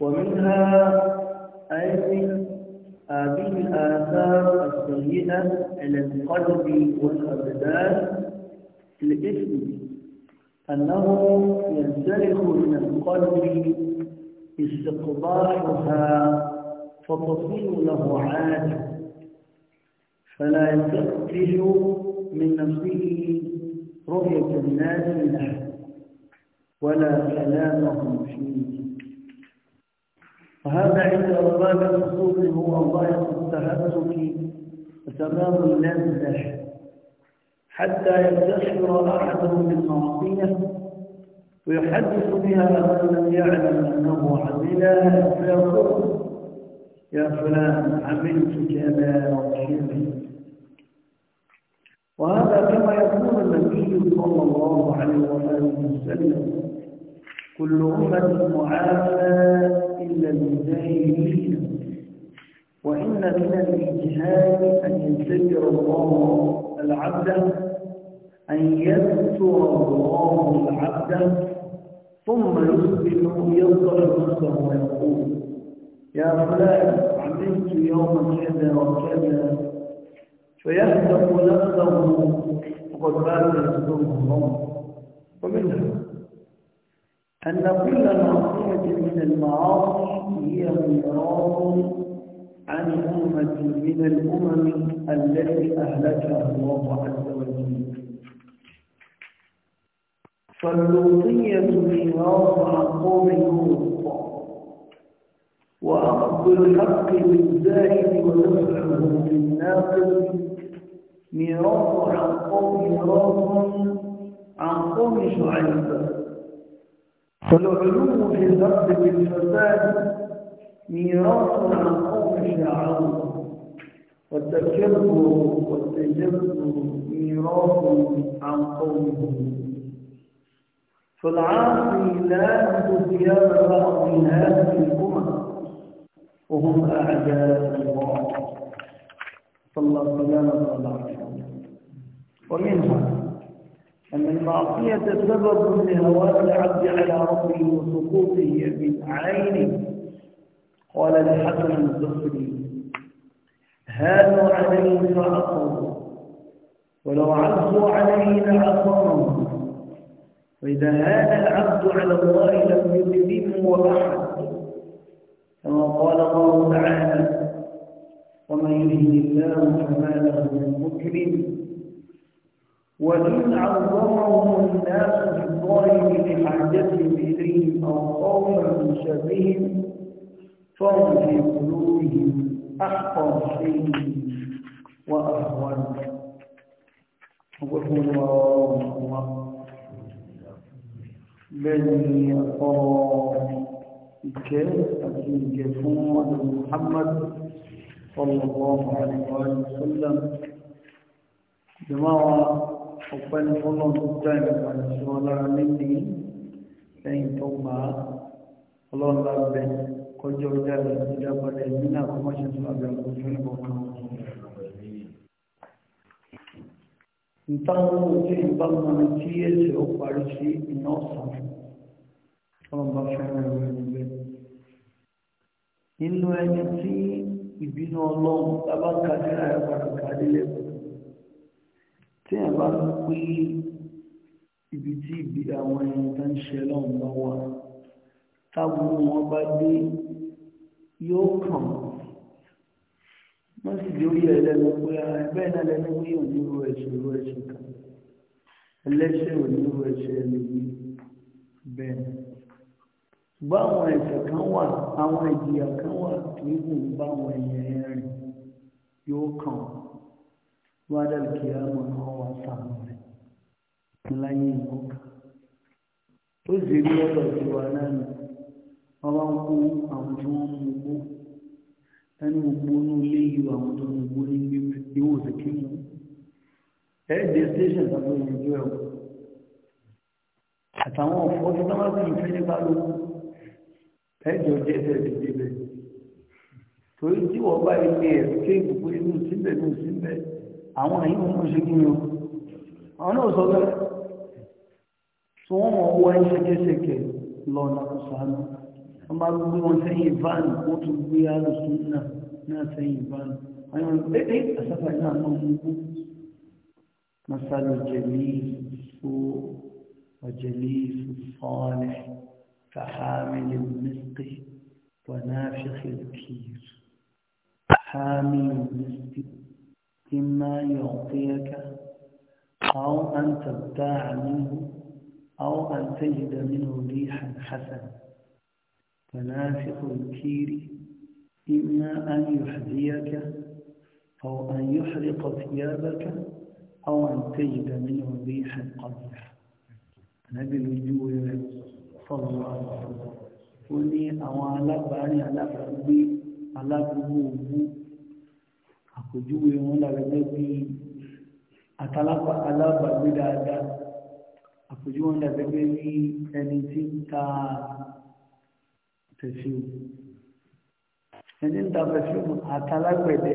ومنها أي هذه الآثار السيئة على القلب والأبدان الإثم أنه ينسلخ من القلب استقباحها فتصير له عادة فلا يستطيع من نفسه رؤية الناس له ولا كلامهم فيه وهذا عند أرباب الخصوص هو ضائق التهتك وتمام اللذة حتى يستشعر أحدهم بالمعصية ويحدث بها من لم يعلم أنه عملها فيقول يا فلان عملت كذا وكذا وهذا كما يقول النبي صلى الله عليه وسلم كل أمة معافى إلا المجاهدين وإن من الإجهاد أن يستجر الله العبد أن يستر الله العبد ثم يصبح يظهر نفسه ويقول يا فلان عملت يوما كذا وكذا فيهزم نفسه وقد مات يصدره الله ومنها أن كل معصية من المعاصي هي انقراض عن أمة من الأمم التي أهلكها الله عز وجل فاللوطية ميراث عن قوم لوط وأقبل الحق بالزاهد ونفعه بالناقل ميراث عن قوم ميراث عن قوم شعيب فالعلو في الأرض بالفساد ميراث عن قوم شعيب والتكبر والتجبر ميراث عن قوم فالعاصي لا يملك بعض هذه الأمم وهم أعداء الله صلى الله عليه وسلم ومنها أن المعصية سبب لهواء العبد على ربه وسقوطه من عينه قال الحسن الزهري هانوا عليه فأصروا ولو عصوا عليه لعصمهم وإذا هان العبد على الله لم يكذبه أحد كما قال الله تعالى ومن يهد الله فما له من مكرم وإن عظمهم الناس الظالم بحاجتهم إليهم أو قوما من شرهم فهم في قلوبهم أحقر شيء وأهون وقفوا الله بني الله ìkẹ́ àti ìkẹ́ fún ọ̀nà Muhammad sallallahu alaihi wa sallam jama'a ọ̀pẹ́ ní fọ́nà tó já ìgbà tí wọ́n lára níbi lẹ́yìn tó gbà á ọlọ́run lábẹ́ kọjọ́ ọjà ìdápadà ìmínà àkọ́mọ́ṣẹ́ tó nínú ẹni tí ìbínú ọlọ́run tábà kàdínà ẹ̀ padà kàdílé tí ẹ̀ bá ń pé ibi tí ìbí àwọn ẹni tó ń ṣe lọ́run bá wà tábùrú wọn bá dé yóò kàn wọ́n sì yóò yẹ ẹlẹ́nu pé ẹgbẹ́ ah, náà lẹ́nu wí onírú ẹ̀ṣẹ̀ irú ẹ̀ṣẹ̀ kan ẹlẹ́ṣẹ̀ onírú ẹ̀ṣẹ̀ ẹlẹ́yìn bẹ́ẹ̀ ṣùgbọ́n àwọn ẹ̀ṣẹ̀ kan wà àwọn ìjìyà kan wà nígbò ń bá àwọn ẹ̀yẹ rìn yóò kàn wádà kí á mọ̀ náà wà sàánú rẹ̀ láyé ìlú kan ó sì rí ọ̀dọ̀ tí wà náà nù wọ́n bá ń kó àwọn tí wọ́n mú gbó ẹni gbogbo inú ilé yìí àwọn tó ń gbó ní ìwò òsèké mú ẹ̀ẹ́dẹ̀ station tàbí ìrìnàjò ẹ̀wọ̀ àtàwọn ọ̀fọ́ tí wọ́n bá sì ń fẹ́ nípa lóko ẹjọ jẹ ẹsẹ ti dé bẹ torí tí wọn bá ilé ẹ kéèkì pé inú síbẹ inú síbẹ àwọn àyè wọn ṣe kí ni o àwọn náà sọ bẹ́ẹ̀ tí wọn mọ owó ẹyìn ṣẹkẹṣẹkẹ lọ nàkóso àná wọn bá gbé wọn sẹ́yìn van wọn tún gbé alùsùn náà náà àṣàfà náà kú masalu فحامل المسك ونافخ الكير حامل المسك إما يعطيك أو أن تبتاع منه أو أن تجد منه ريحا حسنا فنافخ الكير إما أن يحذيك أو أن يحرق ثيابك أو أن تجد منه ريحا قبيحا. نبي الوجوه sọ̀rọ̀ ó ní àwọn alábàárìn alábàágbé alábùgbò òwú àpèjúwe wọn làgẹ́gẹ́ bí àtàlápà alábàágbé dáadáa àpèjúwe wọn làgẹ́gẹ́ bí ẹni tí ń ta tẹ̀síò ẹni ń ta tẹ̀síò àtàlágbẹ̀dẹ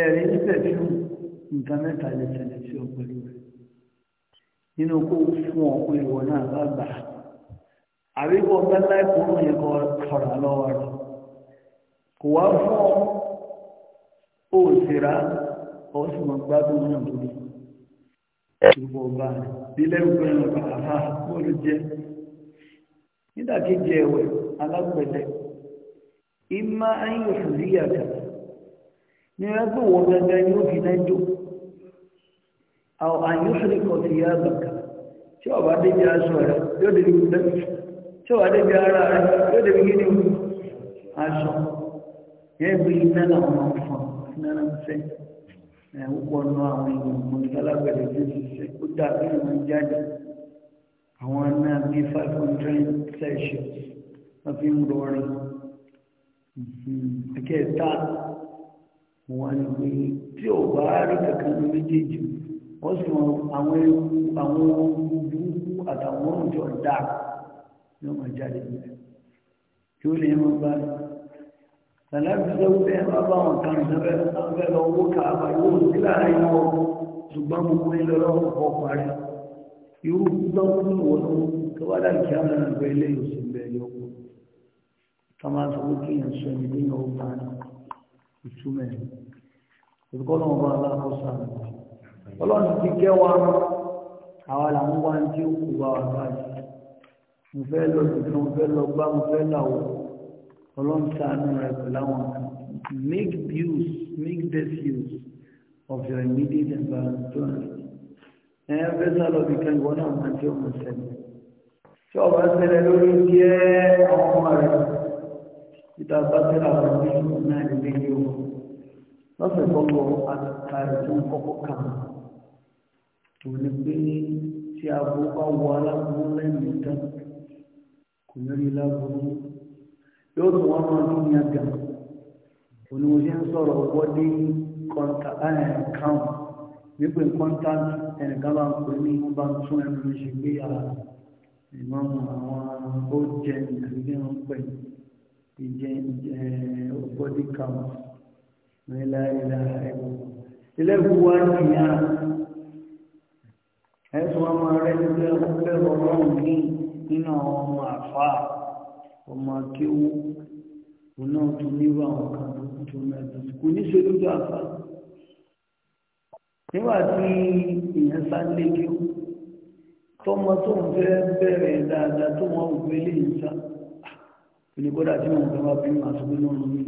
ẹ̀rí ní tẹ̀síò nǹkan mẹ́ta lè tẹ̀lé sí ọ̀pẹ̀lú nínú kó fún ọ pé ìwọ náà bá gbà á àbíkọ ọgbẹ láìpọ̀ ọmọ yẹn kọ ọ̀rọ̀ lọ́wọ́ rẹ kò wá fún ọ ó ṣèrà ọ sì mọ gbádùn náà lórí ìwọ ọba rẹ nílẹ̀ ìwé ọba àhá bóòlù jẹ nídàkejì ẹ̀wẹ̀ alágbẹ̀dẹ ìmá ayé òṣèlú yàtọ̀ ní ẹgbẹ́ wọn gẹ́gẹ́ yóò fi náà jókòó. àwọn àyùsùn ikọ̀ ti yá bàkà tí ọba débi aṣọ rẹ yóò débi gbẹ tí ọba débi ara rẹ yóò débi gíní aṣọ yẹn bí iná náà wọn fọ iná náà ń fẹ ẹ púpọ̀ nù àwọn èèyàn mọ̀ lálágbẹ̀dẹ̀ tó ti ṣe ó dà bí ìwọ̀n jáde àwọn náà bí da wọ́n sì mọ àwọn ewu àwọn ohun burúkú àtàwọn ohun tí ọ̀dà ni wọ́n máa jáde níbẹ̀ kí ó lè máa bá ní. Sàlábì sẹ́wọ́ bẹ́ẹ̀ bá bá wọn kan ìjọba ẹ̀fẹ́ lọ owó kààbà yóò sí láàrin wọn ṣùgbọ́n gbogbo ilé ọlọ́run kọ́ parí. Irú gbọ́n fún ìwọ ló tó wá dàbí kí á lọ́nà ìgbẹ́ ilé ìwòsàn ìgbẹ́ ẹ̀yọ́ kù. Tọ́mà sọ pé kí èèyàn sọ ìdí ìyàwó bá ní ìtumẹ̀. Ìdíkọ́ náà bá aláàkọ́sọ àná ọlọ́run ti kẹ́ wa àwa là ń wá tí ó kù wá wà báyìí mo fẹ́ lọ dùdú mo fẹ́ lọ gbá mo fẹ́ làwọ̀ ọlọ́run sàánú rẹ̀ pẹ̀lú kan make use make best use of your immediate environment ẹ fẹ́ sá lọ bí kan ìwọ náà máa tí ó máa ṣẹlẹ̀ tí ọba ṣẹlẹ̀ lórí díẹ̀ àwọn ọmọ rẹ̀ títà bá tẹ́lẹ̀ àwọn ọmọ náà lè lé yìí lọ́sẹ̀ tó lọ àtàrí tó ń kọ́kọ́ kàn tòun pé tí aago bá wọ aláburú lẹ́yìn tán kò ní rí láburú yóò tún wọn máa ní ìyá gà òní mo ṣe ń sọ̀rọ̀ wọ́dí kọ́ńtà ẹ̀ẹ̀kan wípé kọ́ńtà ẹ̀ẹ̀kan bá ń pè ní wọ́n bá ń tún ẹnu mi ṣe gbé yàrá ìmọ̀mù àwọn ó jẹ ìgbàlódé wọn pẹ̀ ìjẹ ìjẹ bọ́dí kàwọn ní láyé láyé ilé ìwúwa nìyà ẹ̀sùn ọmọ rẹ ní pé ó bẹ̀rù ọlọ́run ní nínú àwọn ọmọ àfa ọmọ akéwú òun náà tún nírú àwọn kan tó kú tó náà tó kú ní ṣe lójú àfa nígbà tí èèyàn sáré kí ó tọmọ tó ń fẹ́ bẹ̀rẹ̀ dáadáa tó wọn ò gbé lè sá onígbọ́dá tí wọn fẹ́ wá bí wọn àti gbóná ọ̀nà mi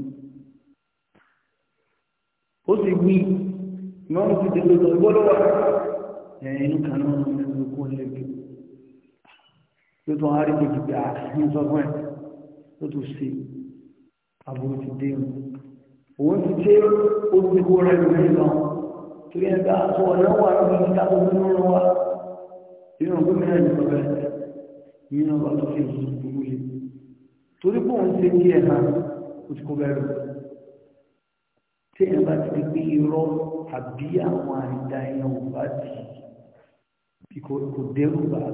ó sì gbí ìmọ̀ ní ti tẹ̀lé lọ ìgbọ́dọ̀ wà ẹ̀yìn kan náà ní ẹgbẹ́ kó lè gbé tó tún arí kejì pé àfihàn sọ fún ẹ̀ tó tún ṣe àbúrò ti dé mu òun ti dé olùdókòwò rẹ̀ lórí lọ torí ẹgbẹ́ aṣọ ọ̀nà wà lórí ìta tó ń lọ wá nínú gómìnà ìlú ọ̀bẹ nínú ọba tó fi ìlú gbogbo lé torí pé òun ṣe kí ẹ̀ hàn ó ti kó bẹ́ẹ̀ rẹ̀ tí ẹ bá ti gbé irọ́ àbí àwọn àìdá ẹ̀yàn ò bá ti bí kò dẹ́rù bá a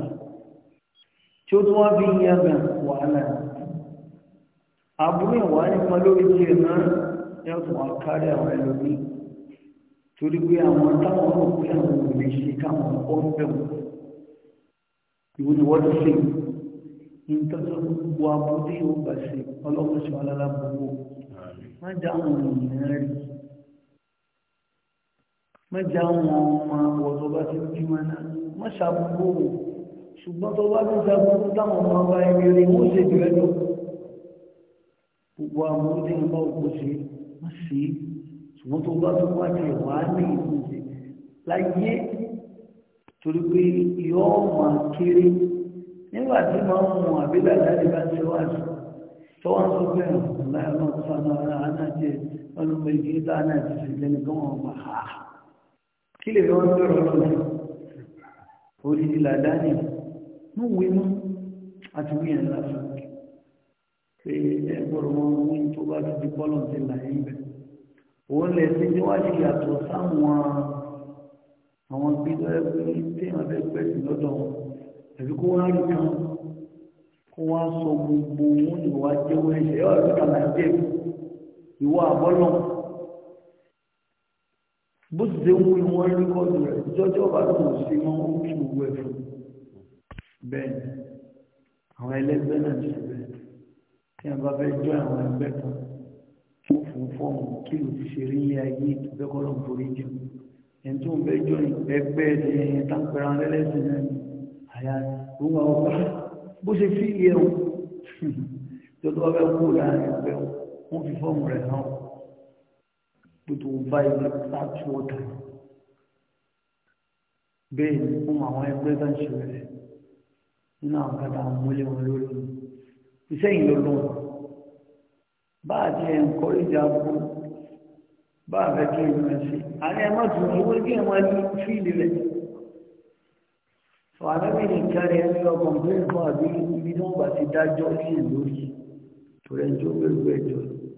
tí ó tún wá bí yẹn gan wàhálà àbúrò ìwà nípa lórí ti ẹ̀ náà yóò tún wá kárí àwọn ẹlòmíì torí pé àwọn táwọn rò pé àwọn ò lè ṣe káwọn ọkọ ń bẹ̀ wọ́n ìwọ ni wọ́n ti ṣe ìtọ́jú gbogbo abúlé ó gbà ṣe ọlọ́mọṣẹ́ alára gbogbo má dá àwọn ènìyàn mẹ́jà wọn ọmọ ọ̀dọ̀ bá ti bí wọn náà wọ́n ṣàbùkù o ṣùgbọ́n tó bá ti ṣàbùkù táwọn ọmọ ọba ẹni rí wọ́n ṣe jù ẹjọ́ gbogbo àwọn ọdún ìgbà òkú ṣe wọ́n ṣe ṣùgbọ́n tó bá tó wá ní ìwà ní ìlú ṣe láyé torí pé ìyọ́ ọmọ kéré nígbà tí máa ń mú àbílẹ̀ jáde bá ṣe wá sí tọ́wọ́n sọ pé ọ̀la ẹ̀rọ ọ̀sán náà ara náà kí lè lọ́wọ́ lọ́rọ̀ lọ́rọ̀ orílẹ̀ làdáni mú wí mú àti wí ẹ̀ lásán pé ẹgbọ́rọ̀ wọn wí tó bá ti di bọ́lọ̀ ti là ń bẹ̀ òun lẹ̀ sí tí wọ́n ṣe yàtọ̀ sáwọn àwọn gbígbọ́ ẹgbẹ́ tí wọ́n fẹ́ pẹ́ sí lọ́dọ̀ wọn àbí kó wá rí kan kó wá sọ gbogbo òun ìwà jẹ́wọ́ ẹ̀ṣẹ̀ ọ̀rọ̀ kan là ń jẹ́ bó ti ṣe wú wọn rí kọ́ọ̀dù rẹ̀ jọjọ́ bá tó ṣe wọn ó kí owó ẹ̀ fún bẹ́ẹ̀ àwọn ẹlẹ́gbẹ́ náà ṣe bẹ́ẹ̀ tí a bá fẹ́ jọ àwọn ẹgbẹ́ kan ó fún fọ́ọ̀mù kí ló ti ṣe rí ilé ayé ìtúbẹ́kọ́lọ́ forí jù ẹni tó ń fẹ́ jọ ẹgbẹ́ ẹ̀yẹn táǹpẹ̀rẹ̀ alẹ́lẹ́sìn náà ni àyà òun àwọn bá bó ṣe fi iye tó tó bá fẹ́ kú láàrin ẹgbẹ́ wọn fi fọ́ọ̀mù rẹ̀ náà tó bá ilé sáàtì ọ̀tà bẹ́ẹ̀ ni fún àwọn ẹgbẹ́ tó ń ṣe rẹ̀ nínú àwọn kàtà àmúlẹ̀ wọn lórí iṣẹ́ yìí ló lọ́wọ́ bá a ti ẹ̀ ń kọ́ ìjà fún bá a fẹ́ kí ìlú ẹ̀ sí àní ẹ̀ má tún owó kí ẹ̀ máa ní fíìlì rẹ̀ sọ àbẹ́bí ní kárí ẹ̀ ní ọkàn pé nǹkan àbí ibi tí wọ́n bá ti dájọ́ sí ìlú torí ẹjọ́ pẹ̀lú ẹjọ́ yìí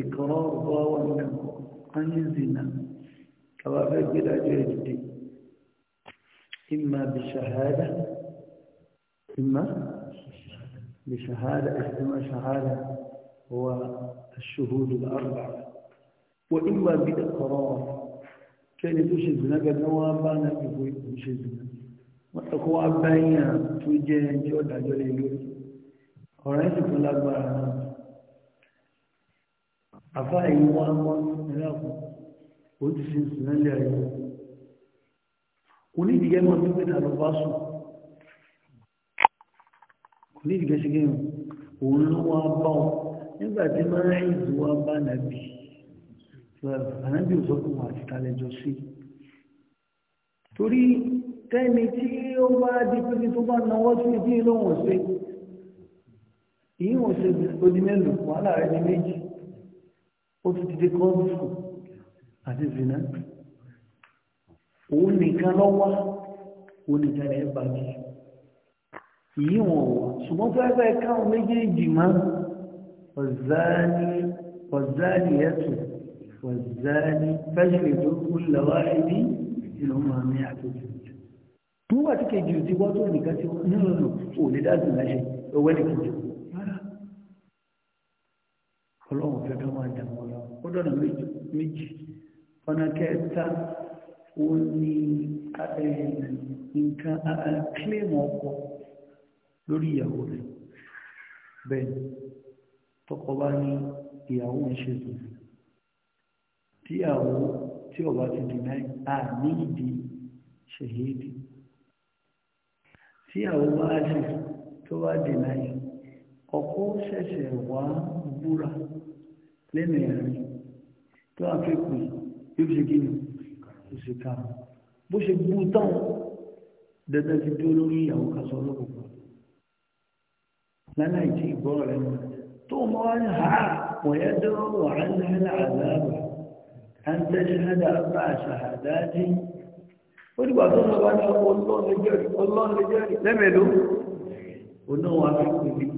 ìkọ̀rọ̀ ọ̀gọ́ wọn náà wọ́n ní zina kàwá fẹ́ gbé dájọ́ ìdìde إما بشهادة إما بشهادة إما شهادة هو الشهود الأربعة وإما بإقرار كان يدوش الزناقة نوابانا يدوش الزناقة وأخوة أبايا توجيه جودة جولي يقول أرأيتكم الأكبر àbá yìí wá mọ́ ẹ̀rọ àpò ó ti fi sùn lẹ́lẹ̀ ayé onídìgẹ́ mọ́ tó pé tàbí bá sùn onídìgẹ́ ṣe gẹ́yìn òun ló wá bá ọ nígbà tí máa ń rìn ìdúwà bá nàbì ànábì ò sọ fún wa àti talẹ́jọ sí torí tẹ́ni ó ti ti dé kọ́ọ̀fù àti zina òun nìkan lọ́wọ́ òun nìkan ẹ̀ bá mi yìí wọ̀n wọ̀ ṣùgbọ́n fẹ́ fẹ́ káwọn méjèèjì máa ọ̀záni ọ̀záni ẹ̀tù ọ̀záni fẹ́ṣẹ̀lẹ̀ tó kú lọ́wọ́ ẹbí ìlú máa ní àtúntò nígbà tí kejì ti wọ́n tó nìkan tí wọ́n nílò lò ò lè dá zina ṣe owó ẹnìkan ọlọ́run fẹ́ fẹ́ máa dàmú ó dọ̀nà méjì ọ̀nà kẹta ó ní nǹkan kílèmù ọkọ lórí ìyàwó rẹ̀ bẹ́ẹ̀ tọkọ bá ní ìyàwó ń ṣe tòun tíyàwó tí ọba ti dì náà à ní ìdí ṣèyídì tíyàwó bá ṣe tó bá dì náà ọkọ ṣẹ̀ṣẹ̀ wá búra lẹ́nu ẹ̀rin lọ́nà tó kù yóò fi ṣe kí ni kò sí ká bó ṣe gbú táwọn dandan ti dúró lórí ìyàwó ká sọ ọlọ́kùnkùn lánàá ìtì ìgbọ́rọ̀ lẹ́nu tó mọ́ wá ní ha wọ̀nyẹ́ dúró wà á ní hẹ́lẹ́ àzáàbà à ń tẹ́lẹ̀ hẹ́lẹ́ àbá àṣàhàdájì ó dìgbà tó lọ bá ní ọlọ́run lè jẹ́rìí ọlọ́run lè jẹ́rìí onáwó afẹ́kùnrin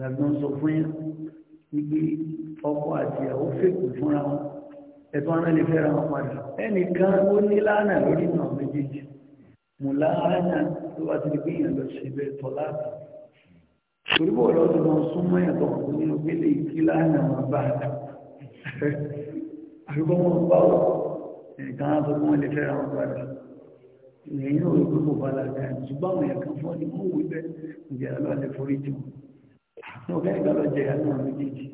làgbọ́n sọ fún yẹn wípé ọkọ àti ìyàwó fèkò fúnra wọn ẹ̀tọ́ ara lè fẹ́ra wọn padà ẹnìkan ó ní lánàá lórí náà méjèèjì mùlá ánà tó bá ti di pé èèyàn lọ sí ibẹ̀ tọ́ láàbù torí bọ̀ lọ́dún náà súnmọ́ ẹ̀tọ́ ọ̀hún nínú pé lè kí lánàá wọn bá a dà àbíkọ́ wọn bá wọ ẹnìkan á sọ pé wọ́n lè fẹ́ra wọn padà èèyàn ò rò pé kò bá làgbà ṣùgbọ́n àwọn ẹ̀kan fún ọ ni wọ́n wù bẹ́ẹ̀ ǹjẹ́ alọ́ àlẹ́ forí وكيف قالوا جهنم بيجي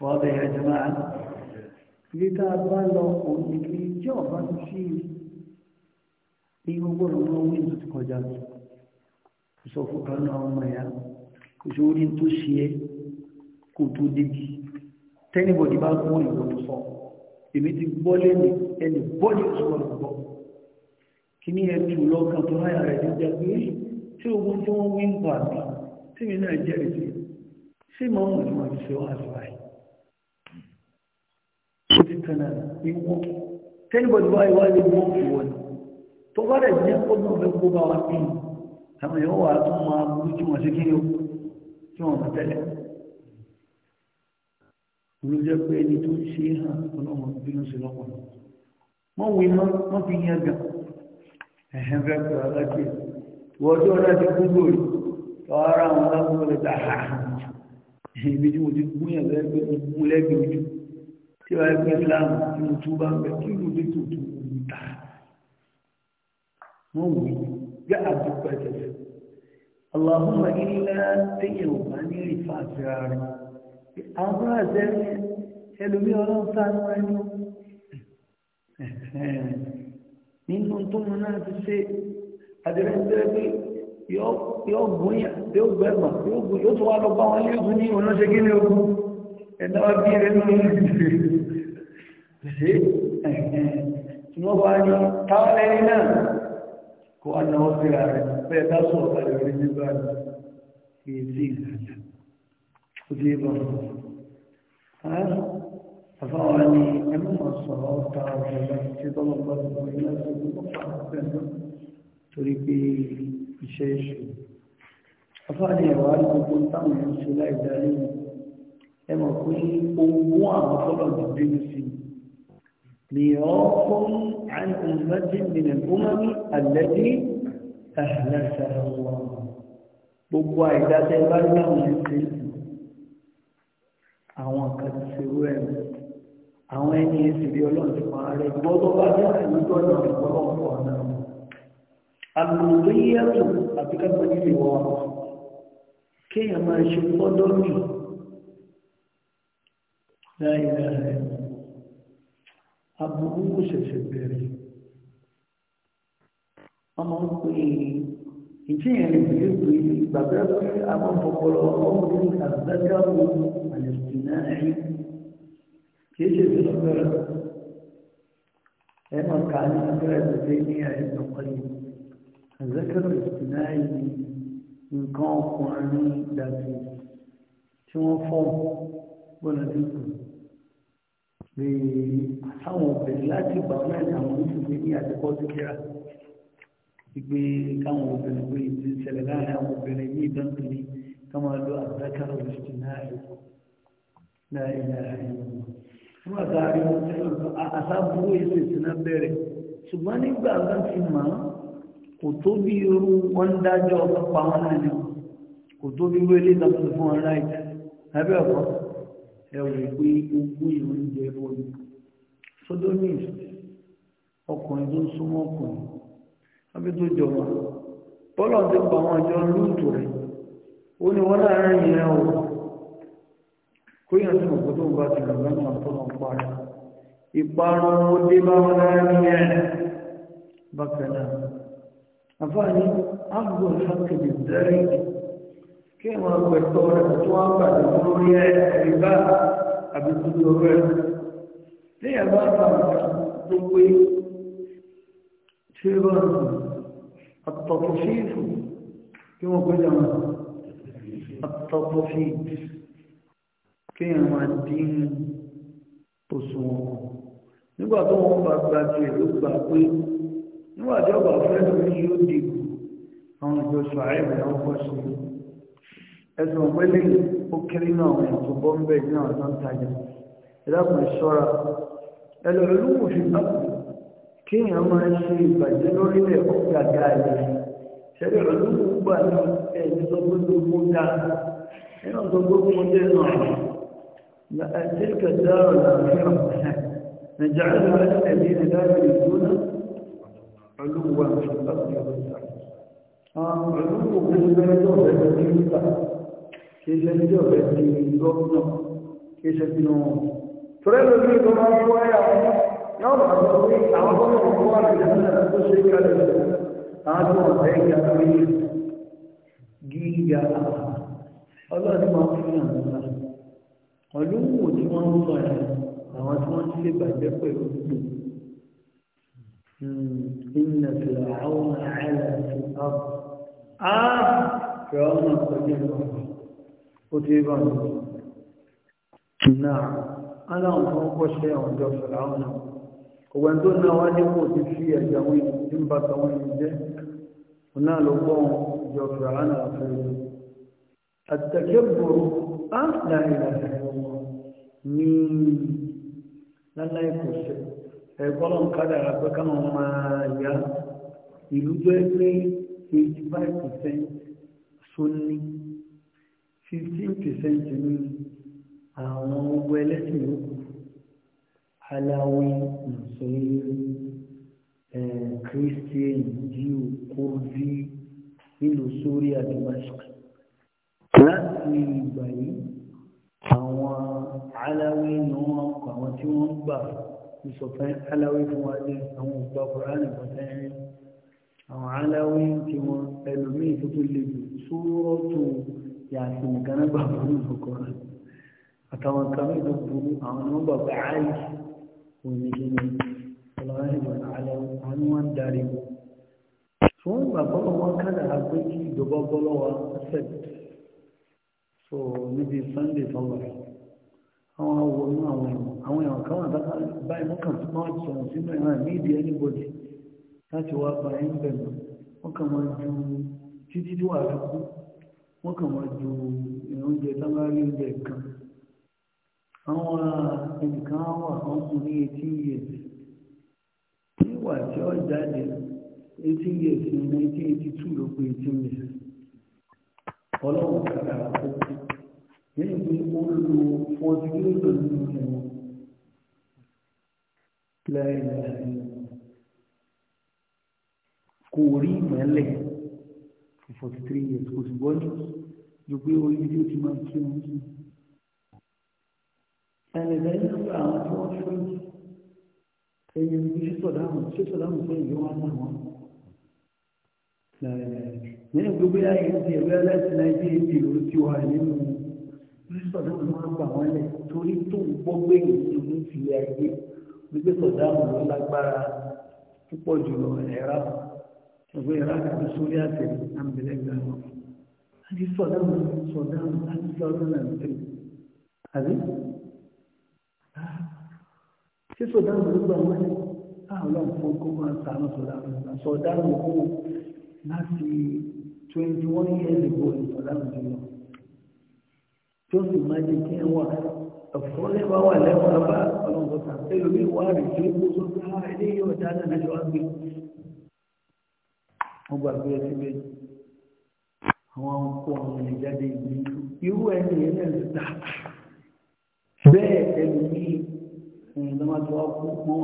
واضح يا جماعة لذا قالوا أنك جوابا شيء يقول ما وين تتكوجات سوف كانوا هم يا كجورين تشيه كتودي tẹ́nìbọ̀dì bá gbọ́ ìwọ̀n tó sọ èmi ti gbọ́ lẹ́nu ẹni bọ́dì tó wọ́n gbọ́ kí ní ẹ̀tù lọ́kàn tó ráyà rẹ̀ ní jẹ́ pé tí ogun tí wọ́n wí ń gbà mí tí mi náà jẹ́ ìdí sí mọ́ mọ̀ ní wọ́n ṣe wá àṣìwáyé ó ti tàn náà ìwọ́n tẹ́lifọ̀dì wá ìwádìí wọ́n fi wọ́n tó bá rẹ̀ jẹ́ kó náà fẹ́ kó bá wa pín in àwọn èèyàn wà tó máa burú tí wọ́n ṣe kí ni ó tí wọ́n mọ̀ tẹ́lẹ̀ ló ọ̀rọ̀ àwọn ọlọ́gbọ́n lè ta ha ibi tí mo ti gúnyàn lẹ́gbẹ́ mo gún lẹ́gbẹ́ ojú tí wàá gbé láàmù tí mo tún bá ń bẹ kí ló dé tó tún wù ta wọ́n wù mí gbé àdúgbò ẹ̀jẹ̀ fẹ́ Allahumma ilá téèyàn bá ní rí fàṣẹ rẹ̀ àwọn àṣẹ ẹlòmí ọlọ́run sáré rẹ̀ É, é, eu é eu gún eu tí eu eu Eu tí ó gún yóò eu eu lọ bá wọn eu Eu òun ṣe kíni ogun ẹ̀dá wa bí rẹ nínú ṣe tí wọ́n bá ní táwọn ẹni náà eu wá náwó sí ara rẹ bẹ́ẹ̀ bá sọ̀rọ̀ kalẹ̀ orí ní bá mi kì í sí ìlànà ó ti yé bá wọn. eu ni ẹnu mọ̀ sọ̀rọ̀ iṣẹ́ iṣu afáàdì ẹ̀rọ alùpùpù táwọn èèyàn ṣe láì darí ẹ mọ̀ pé owó àwọn tọ́lọ̀ ti bínú sí ni ọ̀fún àìkùn mẹ́jì nìyẹn fún mẹ́rin àlẹ́dí àhàlẹ́sà wọn gbogbo àìdájẹ́ bá ní àwọn ẹ̀sìn àwọn kan ti ṣerú ẹ̀rọ àwọn ẹni ẹ̀sìn bí ọlọ́run ti pa ara gbọ́dọ̀ bá jẹ́ àìyíkọ́ náà náà àlùmọ̀lẹ́yẹ̀tò àti kápẹ́lì lè wọ́n kéèyàn máa ṣe pọ́dọ́ mi láìlá rẹ̀ aburú kò ṣẹ̀ṣẹ̀ bẹ̀rẹ̀ ọmọ ń pè é ìjíyàn lè pè é pé bàbá pé àwọn ọpọlọ ọmọdé àgbàgbàwò àlẹ́sìnà ẹ̀ kìí ṣe ìṣẹ̀lẹ̀ ẹ̀ máa kà á ní abẹ́rẹ́ ذكر الاستنائي nǹkan ọkùnrin dàbí tí wọ́n fọ́ gbọ́nà dínkù lè àtàwọn obìnrin láti gbà wọn láì àwọn oníṣègùn ní àtẹ́kọ́ tó kíra wípé káwọn obìnrin pé ìdí ìṣẹ̀lẹ̀ láàrin àwọn obìnrin ní ìdánkù ní ká máa lo àbúrákàrà òṣìṣẹ́ náà náà ilẹ̀ àárín wọn nígbà tá a rí wọn tí wọn àṣà burú èsì ìsìn náà bẹ̀rẹ̀ ṣùgbọ́n nígbà bá ti mọ̀ ọ́n kò tó bí irú wọ́n dájọ́ ọ̀pá wọn náà ni kò tó bí irú ilé fún wọn láì lábẹ́ ọ̀pọ̀ ẹ̀wọ̀n pé ogún ìwọ̀n ń jẹ ọkùnrin tó ń súnmọ́ ọkùnrin àbí tó jọba bọ́lọ̀ ti pa lóòtù rẹ̀ ó ní wọ́n láàárín kó tó ń bá ti lọ́nà àfáàní àbúgbò ìfàkìlì dẹ́rẹ́ kí wọ́n pẹ̀tọ́ rẹ̀ tó wá gbà ní lórí ẹ̀ríbá àbíkúlù rẹ̀ tí ẹ̀bá bá tó pé tíwọ́n àtọ̀tọ̀fíìfù kí wọ́n pẹ̀lú àwọn àtọ̀tọ̀fíìfù níwọ̀n tí ó bọ̀ fẹ́ lórí yóò dìbò àwọn ìjọ ṣàárẹ̀ ìwé àwọn bọ́ sí ẹ̀sùn pélé ó kéré náà àwọn ètò bọ́m̀bẹ̀ ní àwọn tó ń tajà ìdákùn ìṣọ́ra ẹlò olúkù fi bákù kí èèyàn máa ń ṣe ìbàjẹ́ lórílẹ̀ ọ̀gá gáàlì ṣẹlẹ̀ olúkù gbà ní ẹ̀yìn tó gbogbo mú dá nínú tó gbogbo dé náà ẹ̀tẹ́kẹ̀ dáàrọ̀ làǹfẹ́ràn ẹ̀jẹ̀ àjọ ẹ̀mí ẹ̀dá ìgbóná علوا في الأرض والسماء علوا في البلدات والدنيا كيف يجب أن يكون كيف يكون فريلو في كمان شوية يوم أصلي أعظم الله في الجنة كل شيء كله أعظم هيك أمين جيجا الله ما فينا علوا tí wọ́n ń sọ yẹn àwọn tí wọ́n ń ṣèbàjẹ́ pẹ̀lú gbogbo إن فرعون علا في الأرض آه فرعون قدير قدير نعم أنا أقول شيء عن فرعون وعندنا واجب في الجوين إن بطوين ده هنا لقوم جو فرعون التكبر آه لا إله إلا الله مين لا لا يكون شيء ẹ̀gbọ́n kádàrà pé káwọn máa yá ìlú jẹ́ pé eighty five percent sunni fifteen percent ní àwọn ogun ẹlẹ́sìn yòókù aláwí mùsùlùmí eh, christian jew kurdi nílùú sóríà Damascus láti ìgbà yìí àwọn aláwí ni wọ́n kọ àwọn tí wọ́n gbà fún ìṣọ̀fẹ́ aláwí fún wa ní àwọn ògbà kùránì kọ̀tẹ́ rí àwọn aláwí tí wọn ẹlòmíì tó tún lè jù sóró tó yàtì nìkan náà gbà fún ìfọkọrọ àtàwọn kan ní tó burú àwọn ni wọn gbà pé ààyè òun ní ọlọ́run ìwà aláwí àwọn ni wọn darí wọn. fún ìgbà wọn kádàrá pé kí ìjọba bọ́lọ̀ wa sẹ̀ so níbi sunday fọwọ́ àwọn àwọn ọmọ àwọn ìwọ àwọn èèyàn kan wà báyìí wọ́n kàn máa sọ̀rọ̀ sínú ìran ní ìdí anybody láti wá bá ẹ̀ ń bẹ̀ mọ́ wọ́n kàn máa ju títí tí wà á kú wọ́n kàn máa ju oúnjẹ tábàárí oúnjẹ kan àwọn ẹnìkan wà wọ́n kù ní eighteen years tí wà tí ó jáde eighteen years ní nineteen eighty two ló pé eighteen years ọlọ́run kàkà àkókò yẹ́nì pé ó lo forty kìlómítà nínú ẹ̀wọ̀n kò rí ìmọ̀lẹ̀ for forty three years kò sì gbọ́dọ̀ ju pé orí tí ó ti máa kí wọn sí. ẹnìkan yìí ló àwọn tí wọ́n fẹ́ ẹ̀yìn ní ṣíṣọ̀dáhùn ṣíṣọ̀dáhùn fún ìlú wa náà wọn. nínú gbogbo ayé ti ẹ̀rọ ẹlẹ́sìn nàìjíríà ti ìlú ti wà nínú ṣíṣọ̀dáhùn máa ń gbà wọ́n lẹ̀ torí tó ń gbọ́ pé ìlú ti ayé gbígbé sọ̀dáàmù ló lágbára púpọ̀ jùlọ ẹ̀rá ṣùgbọ́n ẹ̀rá kàbí sórí àtẹ̀ àmìlẹ̀ gbàgbọ́. àti sọ̀dáàmù sọ̀dáàmù láti sọ̀rọ̀ náà ń tẹ̀lé. àbí ṣé sọ̀dáàmù ló gbà wọ́n àwọn ọ̀fọ̀n kó máa sàánù sọ̀dáàmù sọ̀dáàmù kó láti twenty one years ago ní sọ̀dáàmù jùlọ. tó sì máa jẹ́ kí ẹ wà ẹ̀fọ́ lẹ́wà wà lẹ́wà bá ọlọ́gbọ̀ta ẹlòmí wà rí tí ó tó bá ẹni yóò dáadáa náà wá gbé wọ́n gbà pé ẹsẹ̀ méjì àwọn ọkọ àwọn ènìyàn jáde ìgbé irú ẹni yẹn náà ló dà bẹ́ẹ̀ ẹlòmí ẹ̀yìn lọ́mọ tó wá kú wọn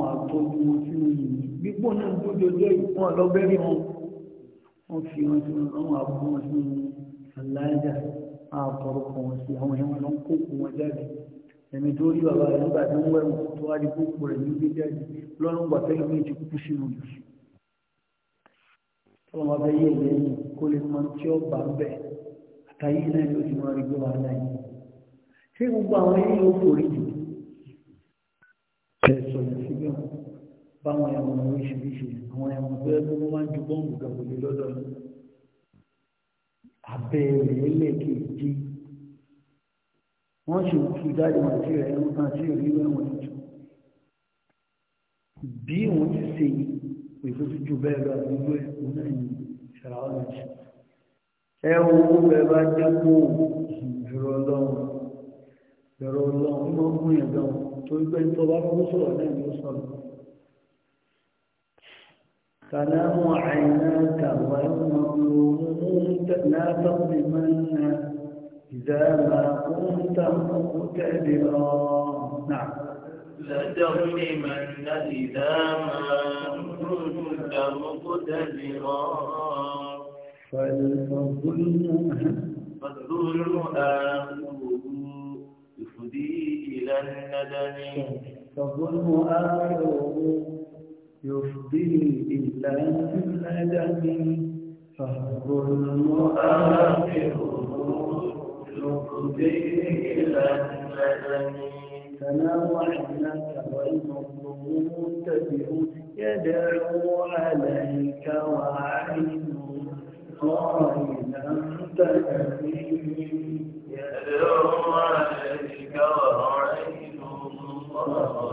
wà ẹ̀mí tó rí bàbá rẹ̀ nígbà tó ń wẹ̀rù tó wá di kókó rẹ̀ ní gbígbẹ́ lọ́nà gbà fẹ́ ìwé ti kúkú sínú yìí tọ́wọ́n bá fẹ́ yé ẹ̀yẹ yìí kó lè mọ tí ó bá ń bẹ̀ àtàyè náà ló ti máa rí gbé wa láyé ṣé gbogbo àwọn ẹ̀yẹ yóò forí jù ẹ̀ sọ̀rọ̀ síbẹ̀ báwọn ẹ̀wọ̀n oríṣiríṣi àwọn ẹ̀wọ̀n tó yẹ kó wọ́n máa ń ju bọ́ǹbù gàgbọ́lé lọ́dọ̀ wọ́n sì fi jáde wọn àti rẹ̀ ẹ̀rùn àti ìrírí ẹ̀wọ̀n tuntun bí òun ti ṣe èso tó ju bẹ́ẹ̀ lọ àdúgbò ẹ̀ òun náà ní ìṣàlàwọ̀ náà ṣe ẹ wo bẹ́ẹ̀ bá jẹ́ kó ẹ̀rọ ọlọ́run ẹ̀rọ ọlọ́run ó máa ń yẹn gan torí pé tó bá fún sọ̀rọ̀ náà ni ó sọ̀rọ̀ sàlámù àìnáka wà ní ọmọ ogun náà tó fi máa ń náà إذا ما كنت مقتدرا نعم لتظلمن إذا ما كنت مقتدرا فالظلم فالظلم آخره يفضي إلى الندم فالظلم آخره يفضي إلى الندم فالظلم آخره فلا وحدك والمظلوم تدعو يدعو عليك وعين قائلا تنمي يدعو عليك وعين قائلا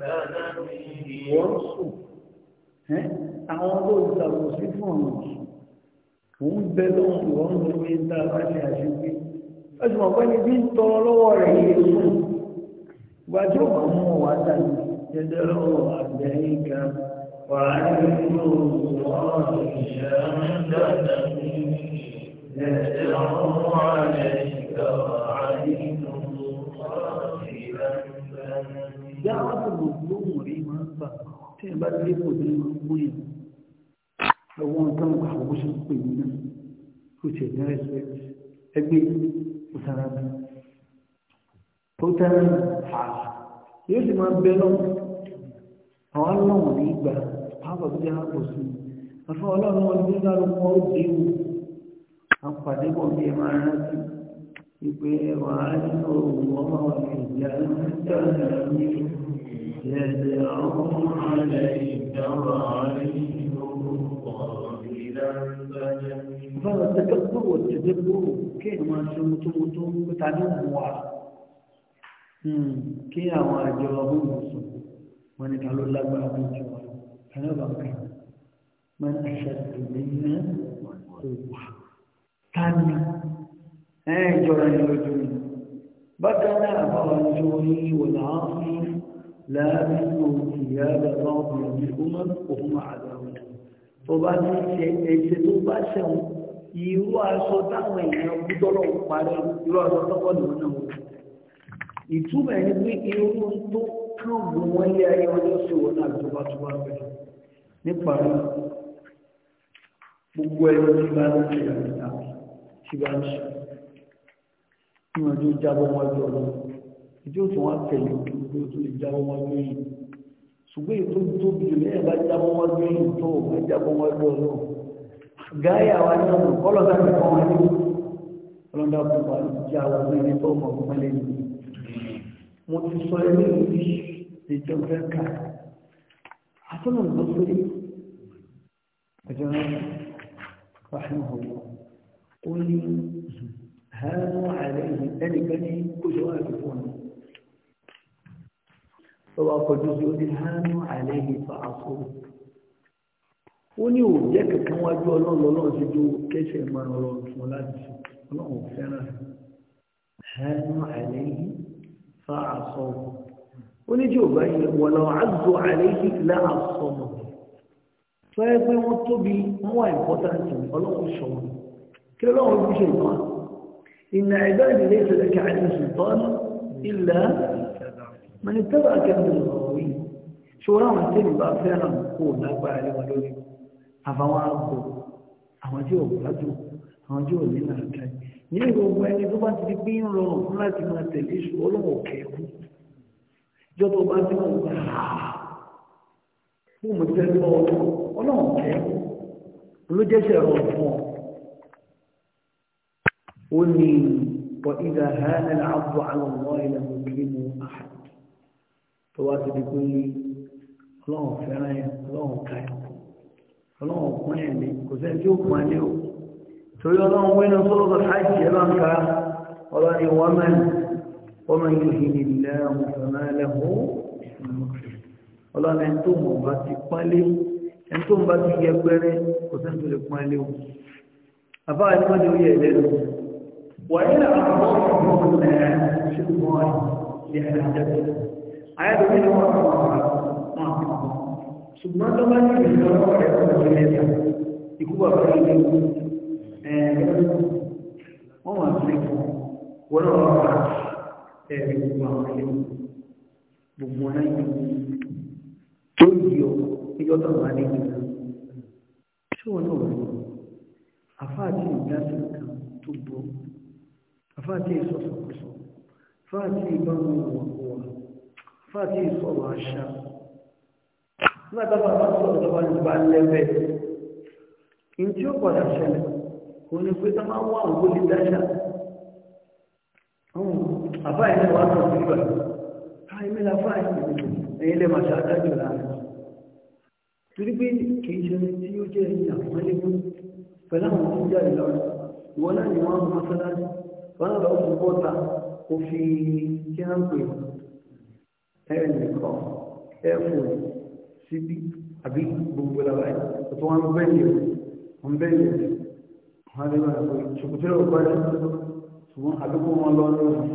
تنمي وصف ها أعوذ بالله من الشيطان òun bẹ lọ́wọ́ ìwọ̀n ló ní ń dá bá ṣe àṣegbé ẹ̀sùn ọ̀pẹ́ni bí ń tọrọ lọ́wọ́ rẹ̀ yé sùn ìgbà tí ó bá mú wàá tàbí jẹjẹ lọ́wọ́ àgbẹ̀yìn kan وعلموا الله شهادة يدعو عليك وعين الله لم دعوة المظلوم ريما تبدل قدر المؤمن àwọn nǹkan gba àwọn oṣù pé yìí náà kò tiẹ̀ ní respect ẹgbẹ́ òtara mi tó tẹ́lẹ̀ fà á yóò sì máa bẹ lọ́wọ́ àwọn aláwọ̀ ní ìgbà pàápàá tó jẹ́ àpò sí i àfẹ́ ọlọ́run wọn ní kálukú ó dé wò àpàdé pọ̀ bí ẹ máa rántí ìpè wà nínú òun ọmọ wọn ní ìyá nítorí ẹ̀mí ẹ̀dẹ̀ ọ̀hún ọ̀lẹ́ ìdáwọ̀ ọ̀rẹ́ فالتكبر والتدبر كين ما سمتمتم بتعليم موعد كين ما جوابون مصر ونجعل الله بعض الجواب أنا بقى من أشد منا قوة ثانيا أي جوان الرجل بكنا فرجوني والعاصي لا منهم ثياب بعض الأمم وهم عذاب tó bá ti ṣe ẹ̀ṣẹ̀ tó bá ṣẹ̀wọ̀n irú aṣọ táwọn èèyàn kú tọ́lọ̀ parí irú aṣọ tọ́kọ̀ nìwọ̀n náà wò ìtumọ̀ ẹni pé irú tó kàn mú wọn lé ayé wọn ní oṣù wọn náà tó bá tó bá bẹ̀rẹ̀ nípa gbogbo ẹni tí bá ń ṣe àgbà tí bá ń ṣe ìrìnàjò jábọ̀ wọn jọ lọ ìdí òtún wọn tẹ̀lé ìdí òtún ìjábọ̀ wọn lóyìn ṣùgbọ́n ètò tóbi jù lẹ́yìn bá jábọ́ wọn lórí ìtò bá jábọ́ wọn lórí ọlọ́ gáyà wa ní ọ̀nà kọ́lọ́dà ti kọ́ wọn ní ọlọ́dà kò wà ní ìjà wọn ní ẹni tó mọ̀ fún ẹlẹ́yìn mo ti sọ ẹni ìlú ìjọ fẹ́ kà àtúnà lọ sórí ọjọ́ رحمه الله قل هانوا عليه أني بني كل واحد tó bá kọjú sí oní hánú àlẹ́yìn fa àfọ́ ó ní òjẹ́ kankan wájú ọlọ́run lọ́lọ́run ti dúró kẹ́sẹ̀ máa rọrùn fún láti sùn ọlọ́run fẹ́ràn hánú àlẹ́yìn fa àfọ́ ó ní tí bá yẹ wọ̀lọ́ àzọ àlẹ́yìn láàfọ́ mọ̀ tó yẹ pé wọ́n tóbi wọ́n wà ìpọ́táǹtì ọlọ́run sọ kí ọlọ́run bí ṣe ìtàn ìnà ìbáraẹni lè ṣẹlẹ̀ kí mọ̀ ní tẹ́lá kẹ́mi lọ́wọ́ yìí ṣòro àwọn tí ìlú bá fẹ́ràn kó lágbára lé wọn lórí àbáwọn àgbò àwọn tí ò gbádùn àwọn tí ò ní nàájà ní gbogbo ẹni tó bá ti di pé ń rọrùn fún láti máa tẹ̀lé ìṣù ọlọ́wọ́ kẹ́kù ìjọ tó bá ti wọn gbà á fún mi tẹ́ lọ ọlọ́wọ́ kẹ́kù ló jẹ́sẹ̀ rọrùn fún ọ ó ní bọ̀ ìdá hàn án àbọ̀ àwọn ọmọ ìlànà ìlú tó wá ti di pé ọlọ́run fẹ́ràn yẹn ọlọ́run ká yẹn ọlọ́run pọ́n yẹn ní kò sẹ́ni tí ó pọ́n lé o torí ọlọ́run wí ní sọ́lọ́dọ̀ hajj ẹlọ́nka ọlọ́ni wọ́mẹ́n wọ́mẹ́n yóò hì ní ilẹ̀ ọmọ ẹlẹ́hùn ọlọ́ni tó mọ̀ bá ti tó bá ti yẹ pẹ́rẹ́ kò sẹ́ni tó lè o ayàtọ̀ mi ni wọ́n fún wọn wọn ṣùgbọ́n tó bá ní ìgbésẹ̀ ọ̀rọ̀ rẹ̀ kọ́ ọ̀rọ̀ ilé ẹ̀dá ikú wà fún ilé ikú wọ́n wà sí ikú wọ́n náà wà fà ẹ̀rí gbogbo àwọn ilé gbogbo náà yìí tó yìí ọ níjọ́ tó wà ní ìlú ṣé wọn náà wà àfáàtì ìdásí kan tó bọ àfáàtì ìsọsọkọsọ àfáàtì ìbámu ìwọ̀kọ̀wà fàtí ìsọ̀rọ̀ àṣà látàbà bá sọ̀rọ̀ tó bá ní bá lẹ́bẹ̀ in tí ó padà ṣẹlẹ̀ kò ní pé tó máa wà ògbó lè dáṣà àbá ilẹ̀ wà náà sí ìgbà àìmí lafá ẹ̀yìn lè máa ṣàdájọ́ láàrin torí pé kì í ṣe tí ó jẹ́ ẹ̀yìn àpọ́nlé fún pẹ̀lú àwọn tó jáde lọ́rọ̀ ìwọ náà wọ́n mú wọ́n lọ́ọ́ bọ́ta kò fi kí á ń pè ẹnìkan ẹ̀fọ́ síbí àbí gbogbo làwọn ẹ̀ tó wọn bẹ́ẹ̀ yẹ wọn bẹ́ẹ̀ yẹ wọn lè máa pè ṣòkòtò lọ́wọ́ bá yẹ ṣùgbọ́n àdúgbò wọn lọ lọ́wọ́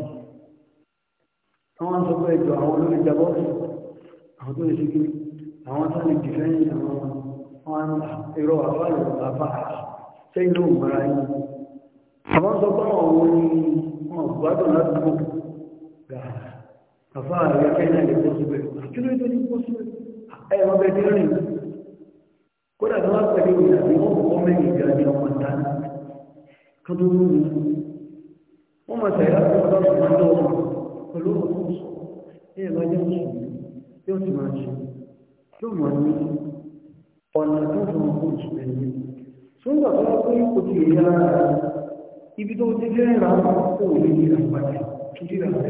àwọn sọ pé ẹjọ́ àwọn olórí jábọ́ àwọn tó lè ṣe kíni àwọn tó lè dìfẹ́yìn àwọn wọn èrò àfáàyè àfá sẹ́yìn ló ń bára yìí àwọn sọ pé àwọn òun ni wọn gbádùn ládùúgbò gbàgbà bàbá rẹ̀ kẹ́yìn àti kó síbẹ̀ àkínú ní kó síbẹ̀ ẹ̀rọ rìn kódà tó wá pẹ̀lú ìyàbí wọn kọ́ mẹ́rin ìgbà ọmọ ìdáná tó tó rú wọ́n máa tẹ̀lé fún ọkọ̀ ìṣẹ̀lẹ̀ ní sọ́ńgbà tó wá pé kò ti èyí ara ibi tó ti fẹ́ ra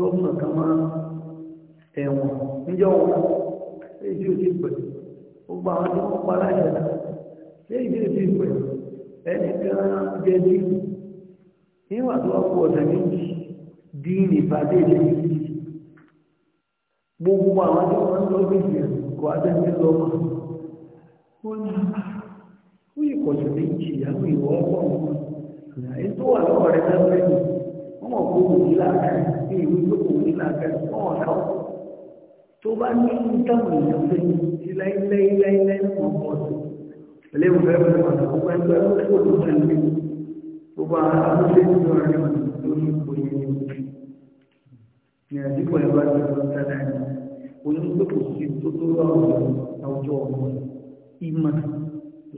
gómìnà kan máa ẹ̀wọ̀n níjọ́ wọn èyí tí ó ti pẹ̀ gbogbo àwọn tí wọ́n pa láyé rẹ̀ léyìí tí ó ti pẹ̀ ẹnì kan jẹ́ díìnì níwà tó wá kú ọ̀sẹ̀ méjì díìnì ìpàdé ilé yìí gbogbo àwọn tí wọ́n ń lọ bí ìyẹn kò adẹ́gbẹ́ lọ́mọ ó ní ó yẹ méjì àwọn ìwọ́ ọ̀pọ̀ nǹkan èyí tó wà lọ́wọ́ rẹ̀ lẹ́gbẹ̀ẹ́ wọn ò gbogbo nílà kan ní ìlú gbogbo nílà kan wọn ò náà tó bá ní ìdáhùn èèyàn fẹ́ sí láíláíláíláí wọn pọ̀ sí ẹlẹ́wọ̀n fẹ́ fẹ́ wọn kó bá gbé ọ̀rọ̀ tó tó tẹ̀lé mi tó bá amúlé ní ọ̀rọ̀ rẹ̀ wọn lórí ipò yẹn ní ojú ní àdìpọ̀ ẹ̀ bá ti lọ sára ẹ̀ onígbò kò sí tó tó rọ̀ àwùjọ ọmọ ìmọ̀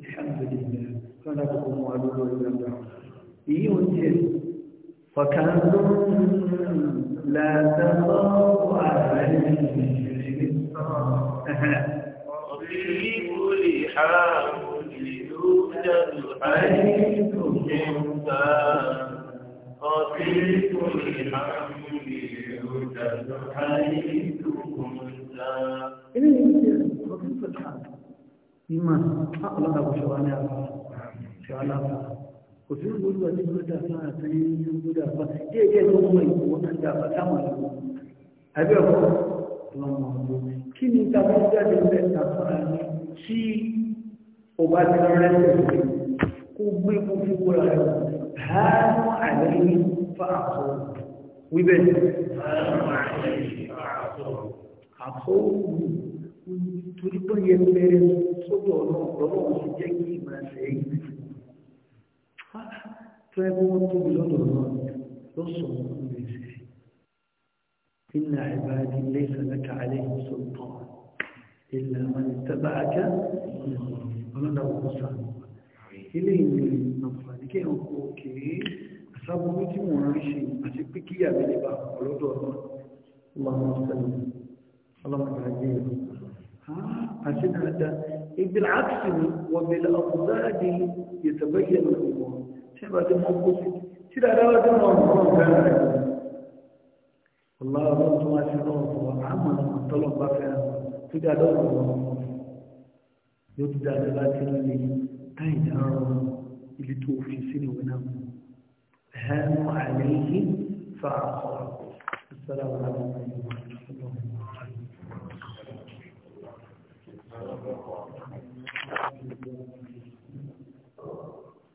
ìṣàǹfẹ̀lẹ̀ ìgbà kí wọ́n dábòkò mọ́ àdúgbò ìgbà èyí ò tiẹ̀ فكنتم لا تخاف عليه وفي كل حامل يوجد حيث كنت وفي كل حامل يوجد حيث كنت وكيف الحال؟ إيمان أقلق أبو شواني أبو شواني òfin gbogbo àti gbọ́dọ̀ àfa àtẹ̀yìn gbọ́dọ̀ àfa díẹ̀ díẹ̀ tó mọ ìwọ àti àfa táwọn ìlú àbí ọkọ ìwà wọn lò kí ni tàbí jáde ń bẹ àfara ni tí ọba ti rẹ lẹsẹ kó gbé kó fi wúra rẹ hàánú àlẹyìn fa àkọ wíbẹ hàánú àlẹyìn fa àkọ àkọ wù torí pé yẹn bẹ̀rẹ̀ sọ́dọ̀ Ọlọ́run lọ́wọ́ ti jẹ kí ìmọ̀ ẹsẹ yìí tó ẹgbẹ́ wọn tóbi lọ́dọ̀ náà ló sọ wọn fún mi sí إن عبادي ليس لك عليهم سلطان إلا من اتبعك ومن هو مصاب ilé ìlú àǹfààní kí ẹ̀hùn kó kìí àsábúrú tí wọ́n rí ṣe àti pé kí àmì lè bá ọlọ́dọ̀ ọ̀nà ọlọ́mọ sẹ́lẹ̀ ọlọ́mọ ìrìnàjò àti dáadáa بالعكس وبالأضداد يتبين الأمور شبه المنقصد شبه لا تنظر الله رب ما شرط وعمل من طلب فيها تدع دور يبدا لكن أين تاين اللي توفي سنه ونام هانوا عليه فعصوا السلام عليكم